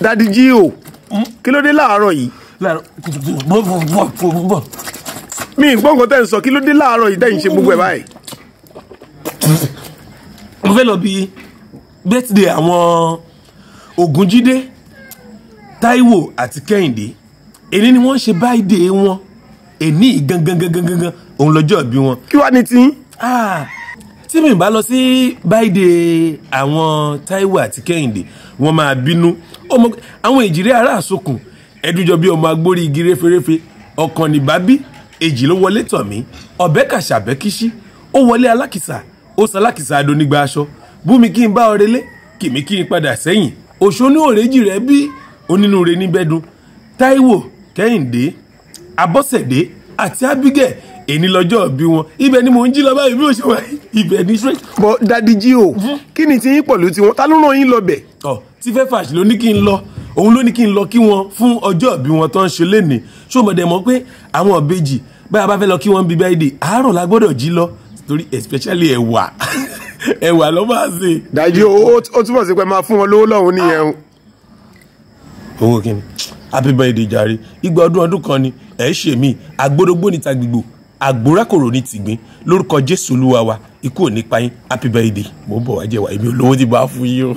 dadi jí o hmm? kí ló dé láàárọ̀ yìí. mi ì gbọ́ nǹkan tẹ́ ń sọ kí ló dé láàárọ̀ yìí dẹ́yìn ṣe gbogbo ẹ̀ báyìí. mo fẹ́ lọ bí birthday àwọn Ògúnjídé Táíwò àti Kẹ́hìndé èyí ni wọ́n ṣe birthday wọn èyí gangan gangan òun lọ́jọ́ ìbí wọn. kí wàá ní tí tí mi bá lọ sí báyìí àwọn Táíwò àti Kẹ́hìndé wọ́n máa bínú ọmọ àwọn èjìrè ará àsokùn ẹdújọ bí ọmọ agbórí igi réferéfe ọkàn ní bábí èjì ló wọlé tọ̀ mí ọ̀bẹ kàṣà bẹ́kíṣí ó wọlé alákìsà ó salákìsà adonígba aṣọ búmi kí n bá ọrẹlé kìmí kí n padà sẹ́yìn òṣónú òrèjì rẹ bí onínúure níbẹ̀dùn Táíwò Kẹ́hìndé Abọ́sẹ̀dé àti Abigail èní bí wọn ibẹ̀ ni mò ń jí lọ báyìí bí ó ṣe wáyé ibẹ̀ ní straight. bọ dadi jí o mm-hmm. kí ni ti yín pẹ̀lú tiwọn ta ló ràn yín lọ bẹ̀. ọ tí fẹ́ fàṣì ló ní kí n lọ òun ló ní kí n lọ kí wọn fún ọjọ́ ìbí wọn tó ń ṣe lénìí ṣòmọdé mọ̀ pé àwọn ìbejì báyà bá fẹ́ lọ kí wọ́n ń bí báyìí dé àárọ̀ la gbọ́dọ̀ jí lọ torí especially ẹ̀wà ẹ̀wà ló máa ṣe. dadi o ó túbọ̀ sí pé máa fún wọn lówó lọ́hùn nìyẹn. owó kí ni happy birthday jàre igba ọdún ọdún kan ni ẹ̀ ṣèmí agbódógbó níta ikú ò ní pa yín happy birthday mo bọ̀ wá jẹ́ wá èmi olówó ti bá fún yín o.